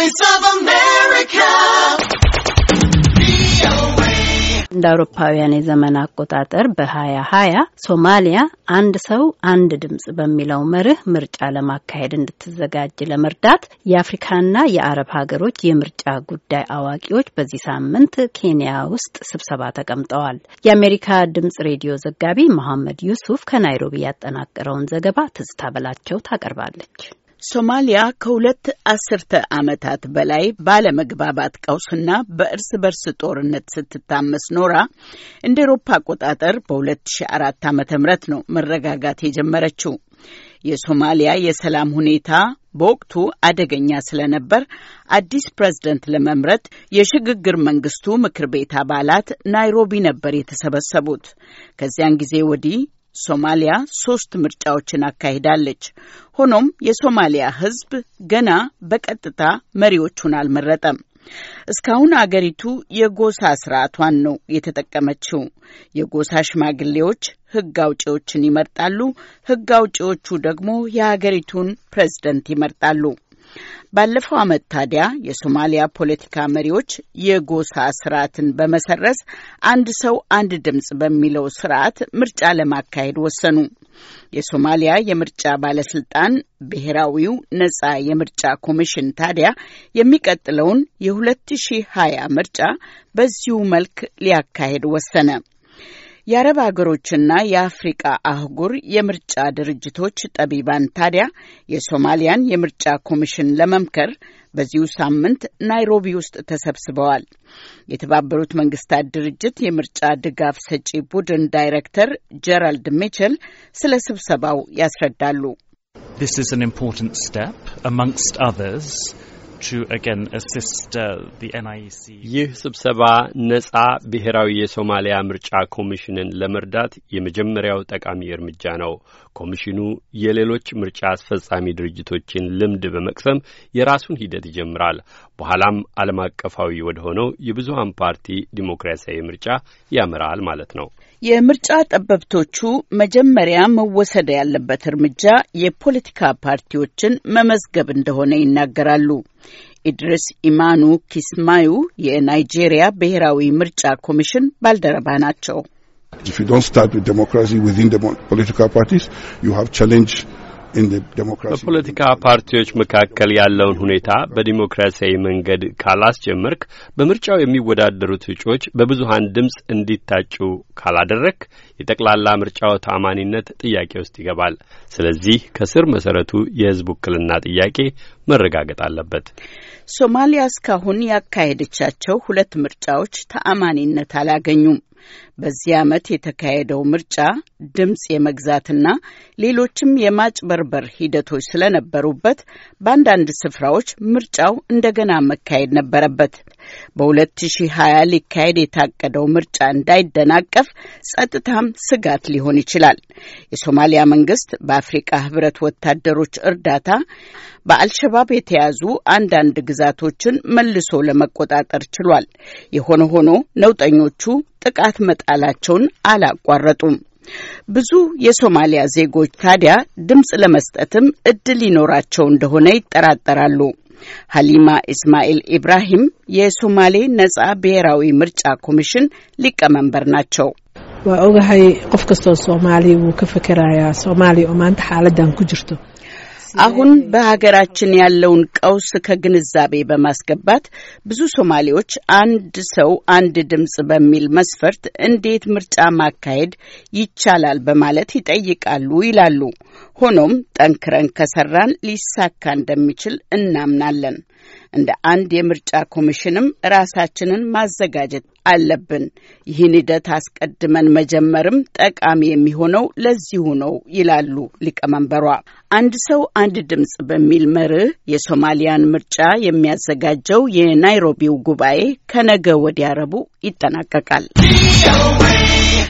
Voice of America. እንደ አውሮፓውያን የዘመን አቆጣጠር በ2020 ሶማሊያ አንድ ሰው አንድ ድምጽ በሚለው መርህ ምርጫ ለማካሄድ እንድትዘጋጅ ለመርዳት የአፍሪካና የአረብ ሀገሮች የምርጫ ጉዳይ አዋቂዎች በዚህ ሳምንት ኬንያ ውስጥ ስብሰባ ተቀምጠዋል። የአሜሪካ ድምጽ ሬዲዮ ዘጋቢ መሐመድ ዩሱፍ ከናይሮቢ ያጠናቀረውን ዘገባ ትዝታ በላቸው ታቀርባለች። ሶማሊያ ከሁለት አስርተ ዓመታት በላይ ባለመግባባት ቀውስና በእርስ በርስ ጦርነት ስትታመስ ኖራ እንደ ኤሮፓ አቆጣጠር በ2004 ዓ ም ነው መረጋጋት የጀመረችው። የሶማሊያ የሰላም ሁኔታ በወቅቱ አደገኛ ስለነበር አዲስ ፕሬዝደንት ለመምረጥ የሽግግር መንግስቱ ምክር ቤት አባላት ናይሮቢ ነበር የተሰበሰቡት። ከዚያን ጊዜ ወዲህ ሶማሊያ ሶስት ምርጫዎችን አካሂዳለች። ሆኖም የሶማሊያ ሕዝብ ገና በቀጥታ መሪዎቹን አልመረጠም። እስካሁን አገሪቱ የጎሳ ስርዓቷን ነው የተጠቀመችው። የጎሳ ሽማግሌዎች ሕግ አውጪዎችን ይመርጣሉ። ሕግ አውጪዎቹ ደግሞ የአገሪቱን ፕሬዝደንት ይመርጣሉ። ባለፈው ዓመት ታዲያ የሶማሊያ ፖለቲካ መሪዎች የጎሳ ስርዓትን በመሰረዝ አንድ ሰው አንድ ድምፅ በሚለው ስርዓት ምርጫ ለማካሄድ ወሰኑ። የሶማሊያ የምርጫ ባለስልጣን ብሔራዊው ነጻ የምርጫ ኮሚሽን ታዲያ የሚቀጥለውን የ2020 ምርጫ በዚሁ መልክ ሊያካሄድ ወሰነ። የአረብ አገሮችና የአፍሪቃ አህጉር የምርጫ ድርጅቶች ጠቢባን ታዲያ የሶማሊያን የምርጫ ኮሚሽን ለመምከር በዚሁ ሳምንት ናይሮቢ ውስጥ ተሰብስበዋል። የተባበሩት መንግስታት ድርጅት የምርጫ ድጋፍ ሰጪ ቡድን ዳይሬክተር ጀራልድ ሚችል ስለ ስብሰባው ያስረዳሉ። This is an important step amongst others. Uh, e ይህ ስብሰባ ነጻ ብሔራዊ የሶማሊያ ምርጫ ኮሚሽንን ለመርዳት የመጀመሪያው ጠቃሚ እርምጃ ነው። ኮሚሽኑ የሌሎች ምርጫ አስፈጻሚ ድርጅቶችን ልምድ በመቅሰም የራሱን ሂደት ይጀምራል። በኋላም ዓለም አቀፋዊ ወደ ሆነው የብዙሀን ፓርቲ ዲሞክራሲያዊ ምርጫ ያመራል ማለት ነው። የምርጫ ጠበብቶቹ መጀመሪያ መወሰድ ያለበት እርምጃ የፖለቲካ ፓርቲዎችን መመዝገብ እንደሆነ ይናገራሉ። ኢድሪስ ኢማኑ ኪስማዩ የናይጄሪያ ብሔራዊ ምርጫ ኮሚሽን ባልደረባ ናቸው። በፖለቲካ ፓርቲዎች መካከል ያለውን ሁኔታ በዲሞክራሲያዊ መንገድ ካላስጀመርክ፣ በምርጫው የሚወዳደሩት እጩዎች በብዙሀን ድምፅ እንዲታጩ ካላደረክ፣ የጠቅላላ ምርጫው ተአማኒነት ጥያቄ ውስጥ ይገባል። ስለዚህ ከስር መሰረቱ የህዝብ ውክልና ጥያቄ መረጋገጥ አለበት። ሶማሊያ እስካሁን ያካሄደቻቸው ሁለት ምርጫዎች ተአማኒነት አላገኙም። በዚህ ዓመት የተካሄደው ምርጫ ድምፅ የመግዛትና ሌሎችም የማጭበርበር ሂደቶች ስለነበሩበት በአንዳንድ ስፍራዎች ምርጫው እንደገና መካሄድ ነበረበት። በ2020 ሊካሄድ የታቀደው ምርጫ እንዳይደናቀፍ ጸጥታም ስጋት ሊሆን ይችላል። የሶማሊያ መንግስት በአፍሪቃ ህብረት ወታደሮች እርዳታ በአልሸባብ የተያዙ አንዳንድ ግዛቶችን መልሶ ለመቆጣጠር ችሏል። የሆነ ሆኖ ነውጠኞቹ ጥቃት መጣላቸውን አላቋረጡም። ብዙ የሶማሊያ ዜጎች ታዲያ ድምፅ ለመስጠትም እድል ይኖራቸው እንደሆነ ይጠራጠራሉ። ሀሊማ ኢስማኤል ኢብራሂም የሶማሌ ነጻ ብሔራዊ ምርጫ ኮሚሽን ሊቀመንበር ናቸው። waa ogahay qof kastoo soomaali wuu ka fekerayaa soomaaliya አሁን በሀገራችን ያለውን ቀውስ ከግንዛቤ በማስገባት ብዙ ሶማሌዎች አንድ ሰው አንድ ድምፅ በሚል መስፈርት እንዴት ምርጫ ማካሄድ ይቻላል በማለት ይጠይቃሉ ይላሉ። ሆኖም ጠንክረን ከሰራን ሊሳካ እንደሚችል እናምናለን። እንደ አንድ የምርጫ ኮሚሽንም ራሳችንን ማዘጋጀት አለብን። ይህን ሂደት አስቀድመን መጀመርም ጠቃሚ የሚሆነው ለዚሁ ነው ይላሉ ሊቀመንበሯ። አንድ ሰው አንድ ድምፅ በሚል መርህ የሶማሊያን ምርጫ የሚያዘጋጀው የናይሮቢው ጉባኤ ከነገ ወዲያ ረቡዕ ይጠናቀቃል።